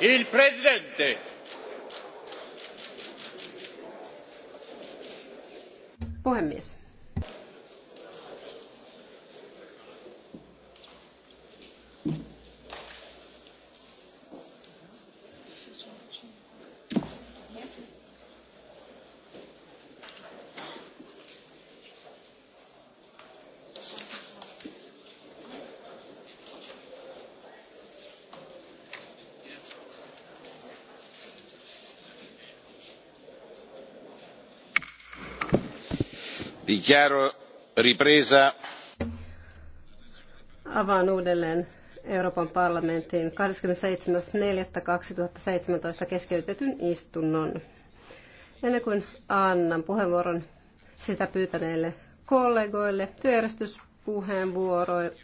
Il presidente. Puhemies. Dichiaro ripresa. Avaan uudelleen Euroopan parlamentin kaksituhattaseitsemäntoista keskeytetyn istunnon. Ennen kuin annan puheenvuoron sitä pyytäneille kollegoille työjärjestyspuheenvuoroille,